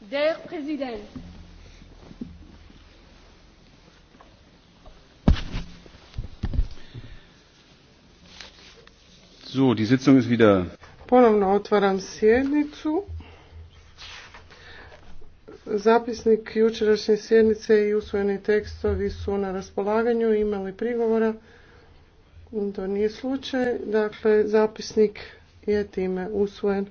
Der Präsident. So, die Sitzung ist wieder. Ponovno otvaram sjednicu. Zapisnik jučerašnje sjednice i usvojeni tekstovi su na raspolaganju. Imali prigovora? To nije slučaj. Dakle, zapisnik je time usvojen.